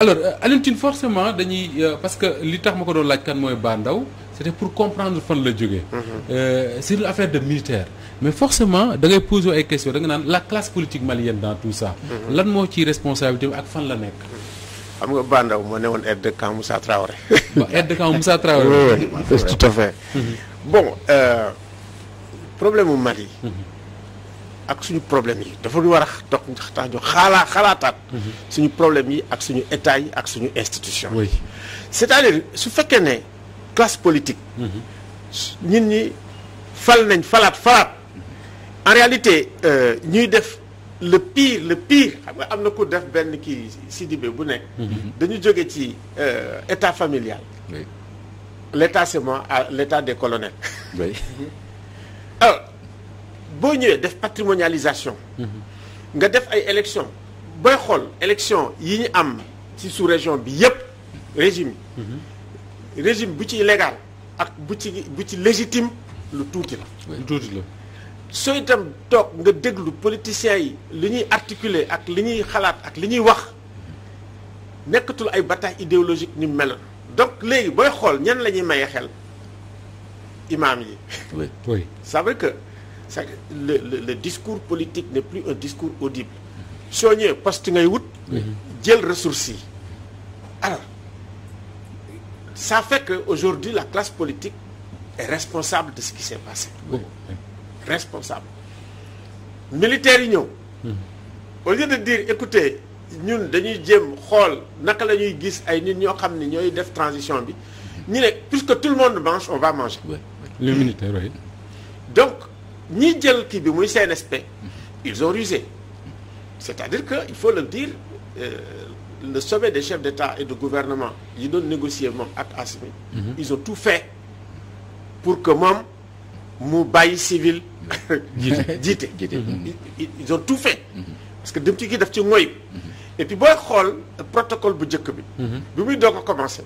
alors euh, Alioune Tine forcément dañuy euh, parce que li tax ma ko doon laaj kan mooy Ba Ndaw c'était pour comprendre fan la jógee. Mhm. Euh, c'est une affaire de militaire. mais forcément da ngay poser ay questions da nga naan la classe politique malienne dans tout ça. Mhm. lan moo ciy responsabilité ak fan la nekk. Mhm. xam nga Ba Ndaw moo newoon aide de camp Moussa Traoré. waaw aide de camp Moussa Traoré. oui tout à fait. bon problème mu Mali. ak suñu problème yi dafa war a tax tax ñu xaalaa xalaataat mhm. suñu problème yi ak suñu état yi ak suñu institution yi c'est-à-dire su fekkee ne classe politique ñun mhm. ñi fal nañ falaat falaat en réalité euh, ñuy def le pire le pire xam nga am na ku def benn kii Sidibé bu nekk mhm. dañu jóge ci euh, état familial l'état c'est moi à l'état des colonels boo ñëwee def patrimonialisation. nga def ay élection booy xool élection yi ñu am ci sous région bi yépp régime yi. bu ci légal ak bu ci bu ci légitime lu tuuti la. lu tuuti la. soo itam toog nga déglu politiciens yi li ñuy articuler ak li ñuy xalaat ak li ñuy wax nekkatul ay bataille idéologique ni meloon donc léegi booy xool ñan la ñuy maye xel imaam yi. oui oui que. le, le le discours politique n'est plus un discours audible soo ñëwee poste ngay wut jël ressources yi alors ça fait que aujourd'hui la classe politique est responsable de ce qui s'est passé responsable militaires yi ñëw au lieu de dire écoutez ñun dañuy jéem xool naka la ñuy gis ay nit ñoo xam ne ñooy def transition bi ñu ne puisque tout le monde mange on va manger oui. le militaire oui. donc ñi jël kii bi muy CNSP ils ont rusé c'est-à-dire que il faut le dire euh, le sommet des chefs d'État et de gouvernement yi doon négocier moom ak Assimi mhm. ils ont tout fait pour que moom mu bàyyi civil jiite mhm. ils ont tout fait mhm. parce que dem ci kii daf ci moy et puis booy xool protocole bu njëkk bi bi muy doog a commencé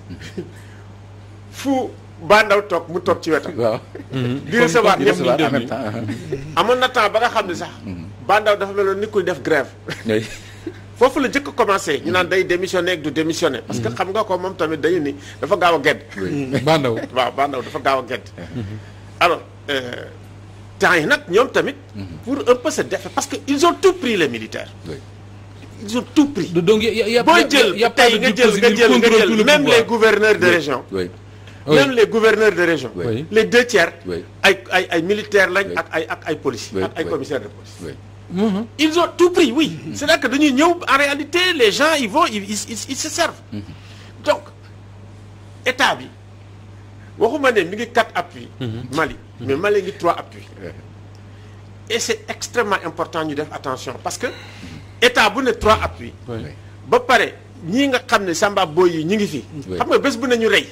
fu ba toog mu toog ci wetam. waaw di recevoir ñëpp ñu en même temps amoon na temps ba nga xam ne sax. Mm-hmm. bandaw ndaw dafa meloon ni kuy def grève. foofu la jëkk commencé ñu naan day démissionné ak du démissionné parce que mm-hmm. xam nga ko moom tamit dañu ni dafa gaaw a gedd bandaw waaw bandaw dafa gaaw a gedd mm-hmm. alors euh, temps yi nag ñoom tamit pour un peu se parce que ils ont tout pris les militaires ils ont tout pris booy jël tey nga jël nga jël nga jël même les gouverneurs de région même les gouverneurs de région les deux tiers ay ay ay militaires lañ ak ay ak ay policiers ay commissaires de police mm-hmm. ils ont tout pris oui mm-hmm. c'est-à-dire que dañuy ñëw en réalité les gens ils vont ils ils se servent mm-hmm. donc état bi waxuma ne mi ngi quatre appuis Mali mais Mali ngi trois appuis et c'est extrêmement important ñu def attention parce que état bu ne trois appuis ba pare ñii nga xam ne samba boy yi ñi ngi fi xam nga bés bu ne ñu rey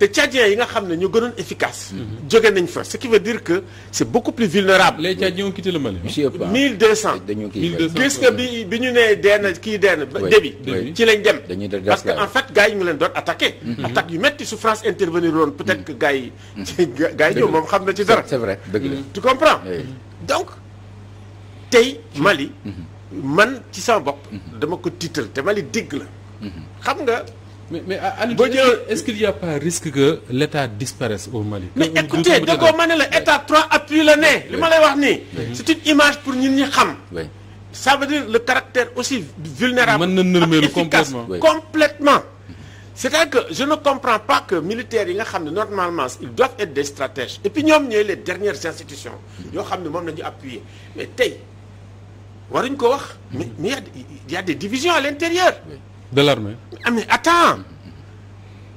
te tchadiens yi nga xam ne ñu gënoon efficace. jóge nañ fa ce qui veut dire que c' est beaucoup plus vulnérable. les tchadiens ont quitté le Mali. monsieur gis nga bi bi ñu nee dee na kii dee ci lañ dem. parce que en fait gars yi ñu leen doon attaqué. Mhm. attaque yu métti su France intervenir woon peut être que gars yi. Mhm. ñëw moom xam na ci dara. c' est vrai dëgg la tu comprends. donc tey mhm. Mali. man ci sama bopp. dama ko tiital te Mali dégg la. xam nga. mais mais Aliou est-ce qu'il y a pas risque que l'État disparaisse au Mali. mais écoutez déggoo ma la état trois appuis la ne li ma lay wax nii. c'est une image pour ñun ñi xam. ça veut dire le caractère aussi vulnérable. mën na nërmeelu complètement complètement. c'est-à-dire que je ne comprends pas que militaires yi nga xam ne normalement ils doivent être des stratèges et puis ñoom ñooy les dernières institutions yoo xam ne moom na ñu appuyer mais tey waruñ ko wax. mais mais y a y a des divisions de l'armée ah mais attends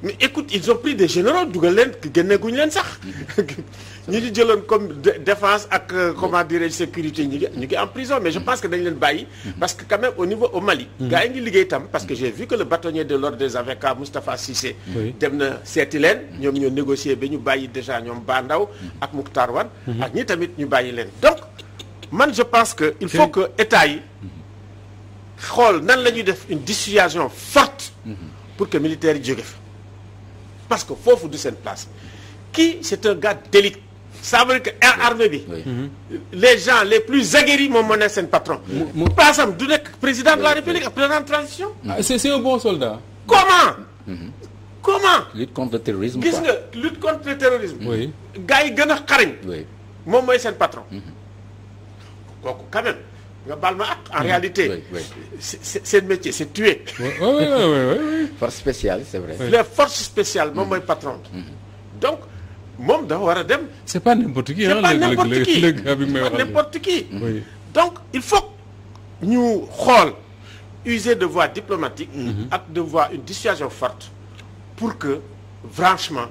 mais écoute ils ont pris des généraux dugal leen génne guñ leen sax ñu ngi jëloon comme défense ak euh, comment dirais-je sécurité ñu ngi ñu ngi en prison mais je mm. pense que dañ leen bàyyi mm. parce que quand même au niveau au Mali mm. gars yi ngi liggéey tam parce que j'ai vu que le bâtonnier de l'ordre des avocats Moustapha Cissé dem na seeti leen ñoom ñoo négocier ba ñu bàyyi déjà ñoom Bandaw ak Mouktar Wan mm-hmm. ak ñi tamit ñu bàyyi leen donc man je pense que il faut que état yi mm-hmm. xool nan la ñuy def une dissuasion forte pour que militaires yi jóge parce que foofu du seen place kii c'est un gars d'élite ça veut dire que air armée bi mm-hmm. les gens les plus aguerris moom moo nekk seen pas paasam du nekk président de la république ak président de transition c'est un bon soldat comment mm-hmm. comment lutte contre le terrorisme gis nga lutte contre le terrorisme gars yi gën a xarañ moom mooy seen patron mm-hmm. kooku quand même nga baal ma ak en réalité. oui seen métier c' est tuer. force spéciale c' vrai. les forces spéciales moom mm. mooy patron. Mm-hmm. donc moom dafa war a dem. c' est pas n' importe qui ah. léegi léegi n' importe qui mm-hmm. donc il faut ñu xool user de voie diplomatique. Mm-hmm. ak de voie une dissuasion forte pour que franchement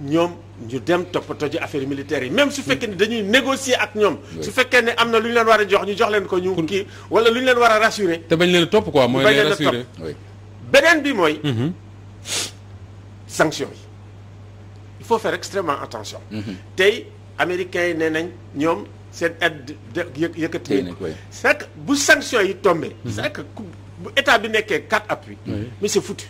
ñoom. ñu dem toppatoo ji affaire militaire yi même su fekkee ne dañuy négocier ak ñoom. su fekkee ne am na lu ñu leen war a jox ñu jox leen ko ñu kii wala lu ñu leen war a rassurer. te bañ leen topp quoi mooy leen rassurer beneen bi mooy. Mm-hmm. sanction yi il faut faire extrêmement attention. Mm-hmm. tey américains yi nee nañ ñoom seen aide yë yëkkati nañ ko c'est bu sanction yi tombé. Mm-hmm. c'est bu état bi nekkee quatre appuis mais c'est foutu.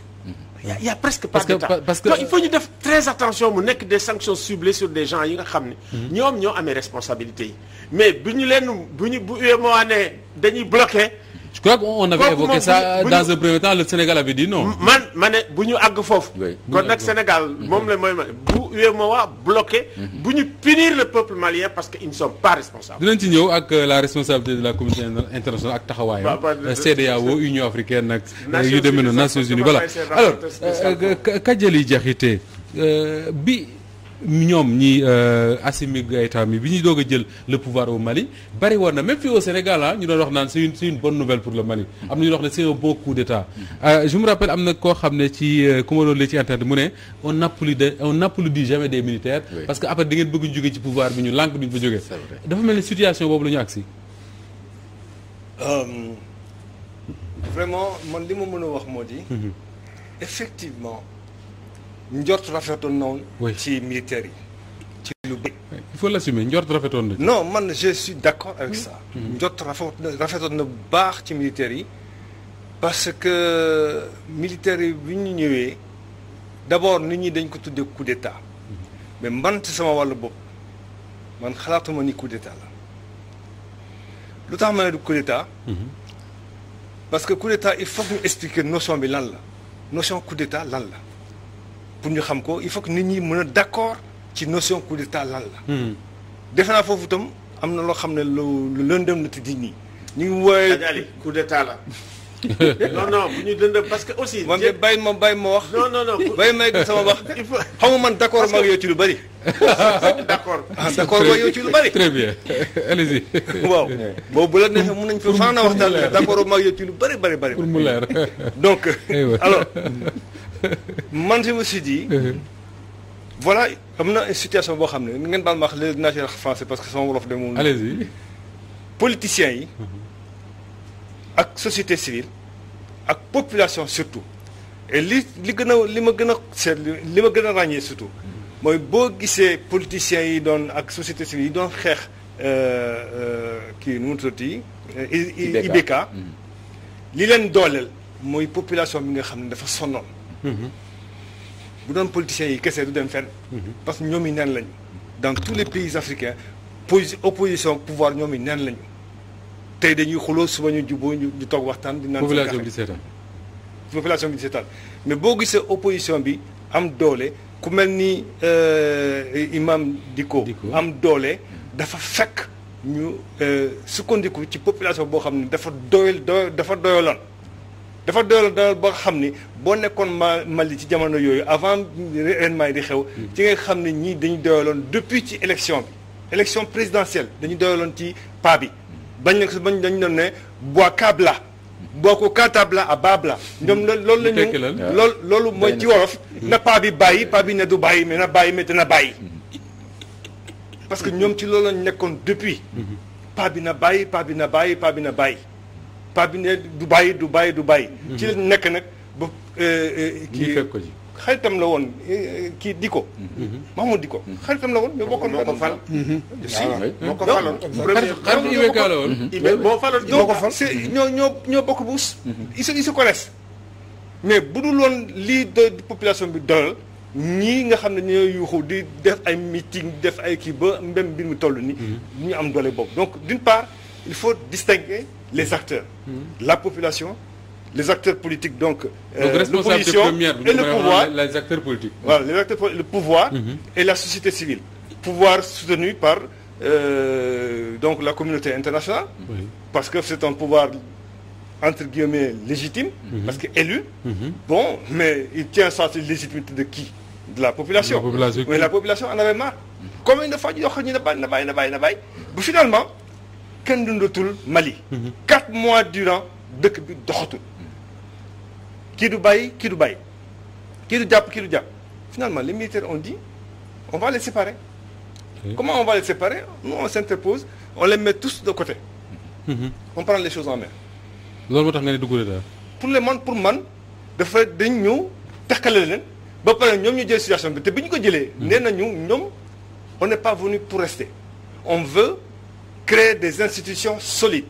y' a presque pas d'État parce que donc il faut ñu def très attention mu nekk des sanctions ciblées sur des gens yi nga xam ne. ñoom ñoo amee responsabilité yi mais bu ñu leen bu ñu bu UEMOA ne dañuy bloqué. je crois que on avait évoqué ça dans un premier temps le Sénégal avait dit non. man ma ne bu ñu àgg foofu. kon nag Sénégal moom la mooy ma UEMOA bloqué. bu ñu punir le peuple malien parce que ils ne sont pas responsables. dinañ ci ñëw ak euh, la responsabilité de la communauté internationale ak taxawaayam. CEDEAO Union africaine euh, nag. yu demee noonu Nations Unies voilà alors euh, Kajali Diakité bi. ñoom ñi euh, Assimi Goïta bi ñu doog a jël le pouvoir au Mali bari woon na même fii au Sénégal ah, ñu doon wax naan c'est une c'est une bonne nouvelle pour le Mali am na ñu doon wax ne c'est un euh, xam ne ci euh, ku ma doon mu ne on n'applaudit on n'applaudit jamais des militaires parce que après da ngeen bëgg ñu jógee ci pouvoir bi ñu lànk duñ fa jógee dafa mel ni situation boobu la agsi vraiment man li ma mën a wax moo di mhm. effectivement njort rafetoon na woon ci militaires yi ci lu bëri njort rafetoon na non man je suis d'accord avec ça mhm. njort rafet na bu baax ci militaires yi parce que militaires yi bi ñu ñëwee d'abord nit ñi dañ ko tuddee coup d'état mhm. mais man ci sama wàllu bopp man xalaatuma ni coup d'état la lu tax ma ne coup d'état mhm. parce que coup d'état il faut ñu expliquer notion bi lan la notion coup d'état lan la pour ñu xam ko il faut que nit ñi mën a d'accord ci notion coup d'état lan la. Hmm. defe naa foofu tam am na loo xam ne lu lëndëm na te di ñi. ñu ngi wooyee coup d'état la. non non ñu dënd parce que aussi. moom de bàyyi ma bàyyi ma wax. non non non bàyyi ma sama wax. il faut xam nga ma ak yow ci lu bari d' accord ah d' accord ma yow ci lu bëri. très bu la neexee mën nañu fa faa na wax daal d' accord ma ak yow ci lu bëri bëri pour mu donc alors. man je me suis dit. voilà am na situation boo xam ne ngeen baal ma wax léegi dinaa ci wax français parce que sama wolof de moom. allez-y politiciens yi. Uh-huh. ak société civile. ak population surtout. et li li gën a li ma gën a seet li ma gën a ràññee surtout. mooy boo gisee politiciens yi doon ak société civile yi doon xeex. Euh, euh, kii nu mu tuddati. ti IBK. Mm-hmm. li leen dooleel mooy population bi nga xam ne dafa sonnoon. bu doon politiciens yi kese du dem fenn. parce que ñoom yi neen lañu. dans tous les pays africains pos opposition pouvoir ñoom yi neen lañu tey dañuy xuloo suba ñu juboo ñu toog waxtaan. di naan population bi di seetaan. bi di seetaan mais boo gisee opposition bi am doole ku mel ni euh, imam Dicko. am doole dafa fekk ñu euh, sukkandiku ci population boo xam ne dafa doyal dafa doyaloon. dafa doyal doyal boo xam ni boo nekkoon ma Mali ci jamono yooyu avant événement yi di xew ci nga xam ne ñii dañu doyaloon depuis ci élection bi élection présidentielle dañu doyaloon ci pa bi bañ ne bañ dañu doon ne Bouakabla Bouakou Katabla à Babla ñoom loolu la ñu loolu loolu mooy ci wolof pa bi bàyyi pa bi na du bàyyi mais na bàyyi mais dina bàyyi parce que ñoom ci loolu lañ nekkoon depuis mhm. pa bi na bàyyi pa bi na bàyyi pa bi na bàyyi paa bi ne du bàyyi du bàyyi du bàyyi. Mhm. ci la nekk nag ba. Euh, euh, kii fekk ko ci xaritam la woon euh, kii Diko. Mhm. Mahmoud Diko. Mhm. xaritam la woon mais bokkoon moo ko fal. moo ko faloon. xarit IBK la woon. IBK boo faloon ñoo ñoo ñoo ñoo bokk buus. ils se ils se connaissent mais bu dul woon lii de population bi doyal. ñii nga xam ne ñooy yuuxu di def ay meeting def ay kii ba mbem mbir mi toll nii. ñu am doole boobu donc d'une part il faut distinguer. les acteurs. Hmm. la population les acteurs politiques donc. Euh, donc l'opposition et le pouvoir les acteurs politiques. voilà les acteurs le pouvoir. Hmm. et la société civile. pouvoir soutenu par euh, donc la communauté internationale. parce que c'est un pouvoir entre guillemets légitime. Hmm. parce que élu. bon mais il tient sa légitimité de qui. de la population mais la population en avait marre. combien de ne bàyyi na bàyyi na bàyyi na ba finalement. kenn dundatul Mali. Mhm. quatre mois durant dëkk bi doxatul. kii du bàyyi kii du bàyyi kii du jàpp kii du jàpp finalement les militaires ont dit on va les séparer. Oui. comment on va les séparer nous on s'interpose on les met tous de côté. Mmh. on prend les choses en main. loolu moo tax nga ne dugg daal. pour les man pour man dafa dañ ñëw takkale leen ba pare ñoom ñu jël situation bi te bi ñu ko jëlee. Mhm. nee nañu ñoom on n'est pas venu pour rester on veut. créer des institutions solides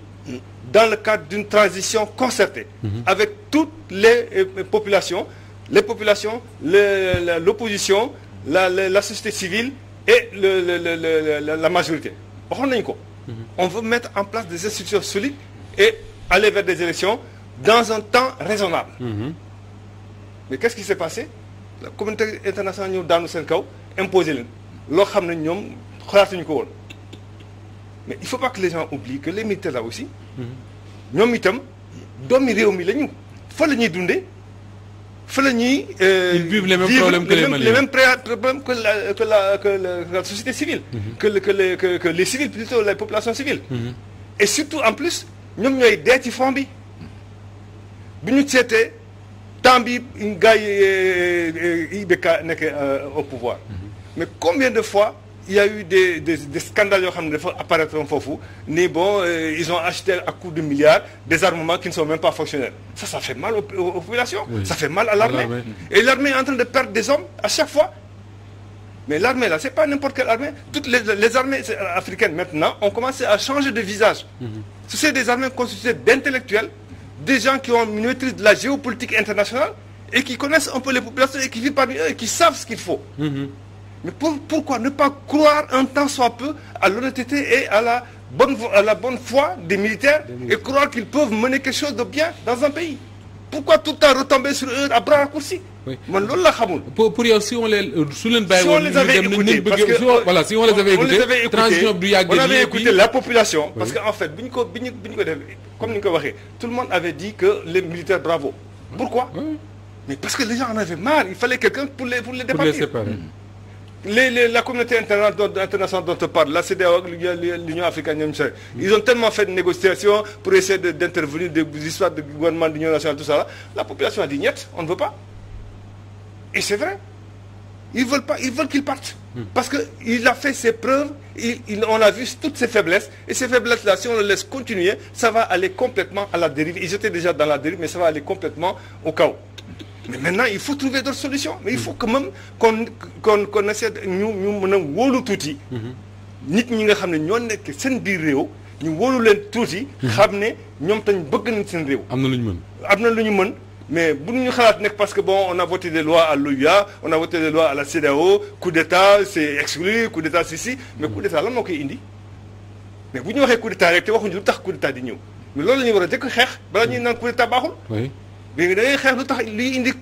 dans le cadre d'une transition concertée mhm. avec toutes les euh, populations, les populations, l'opposition, la, la, la société civile et le, le, le, la majorité. Mhm. On veut mettre en place des institutions solides et aller vers des élections dans un temps raisonnable. Mhm. Mais qu'est-ce qui s'est passé La communauté internationale, nous, dans nos imposé. Nous savons que nous mais il faut pas que les gens oublient que les militaires là aussi. ñoom itam omi réew mi la ñu la ñuy dundee fa la ñuy. Euh, ils vivent les mêmes problèmes que que la que la que la société civile. Mhm. que le que les que les civils plutôt la population civile. Mhm. et surtout en plus ñoom ñooy dee ci front bi bu ñu seetee temps bi gars yi euh, euh, IBK nekk au pouvoir mhm. mais combien de fois. il y a eu des des, des scandales yoo xam ne dafa apparaître foofu ni bon euh, ils ont acheté à coups de milliards des armements qui ne sont même pas fonctionnels ça ça fait mal aux, aux populations oui. ça fait mal à l'armée ah, et l'armée est en train de perdre des hommes à chaque fois mais l'armée là c'est pas n'importe quelle armée toutes les, les armées africaines maintenant ont commencé à changer de visage mm -hmm. ce sont des armées constituées d'intellectuels des gens qui ont une maîtrise de la géopolitique internationale et qui connaissent un peu les populations et qui vivent parmi eux et qui savent ce qu'il faut mm -hmm. Mais pour, pourquoi ne pas croire un tant soit peu à l'honnêteté et à la bonne, à la bonne foi des militaires, des militaires. et croire qu'ils peuvent mener quelque chose de bien dans un pays Pourquoi tout le temps retomber sur eux à bras raccourcis man loolu la xamul. pour pour yow si on les su leen bàyyi woon. si on les avait écouté parce que voilà si on les avait écouté transition du yàgg on avait écouté la population. parce que en fait bi ñu ko bi ñu bi ñu ko def comme ni ñu ko waxee tout le monde avait dit que les militaires bravo. pourquoi mais parce que les gens en avaient marre il fallait quelqu'un pour les pour les départir. les, les, la communauté internationale dont on parle, la CDAO, l'Union ils ont tellement fait de négociations pour essayer d'intervenir de, des de gouvernement nationale, tout ça. La population a dit, on ne veut pas. Et c'est vrai. Ils veulent veulent qu'il parte. Hmm. Parce qu'il a fait ses preuves, il, il, on a vu toutes ses faiblesses, et si on laisse continuer, ça va aller complètement à la dérive. Ils étaient dans la dérive, mais ça va aller complètement mais maintenant il faut trouver d'autres solutions mais il faut que même kon kon na seet ñu ñu mën a wóolu tuuti nit ñi nga xam ne ñoo nekk seen biir réew ñu woolu leen tuuti xam ne ñoom tañ bëgg nañ seen réew am na lu ñu mën am na lu ñu mën mais bu ñu xalaat nekk parce que bon on a voté des lois à l'OUA on a voté des lois à la CEDEAO coup d'état c'est exclu coup d'état si si mais coup d'état la moo koy indi mais bu ñu waxee coup d'état rek te waxuñu lu tax coup di ñëw loolu la ñuy war a jëkk xeex balaa ñuy naan coup léegi da ngay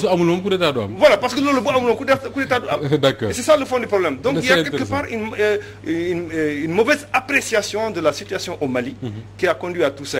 xeex voilà parce que loolu bu amul moom coup d'état du am. c'est ça le fond du problème. il y a quelque part euh, euh, une mauvaise appréciation de la situation au Mali. Mhm. qui a conduit à tout ça.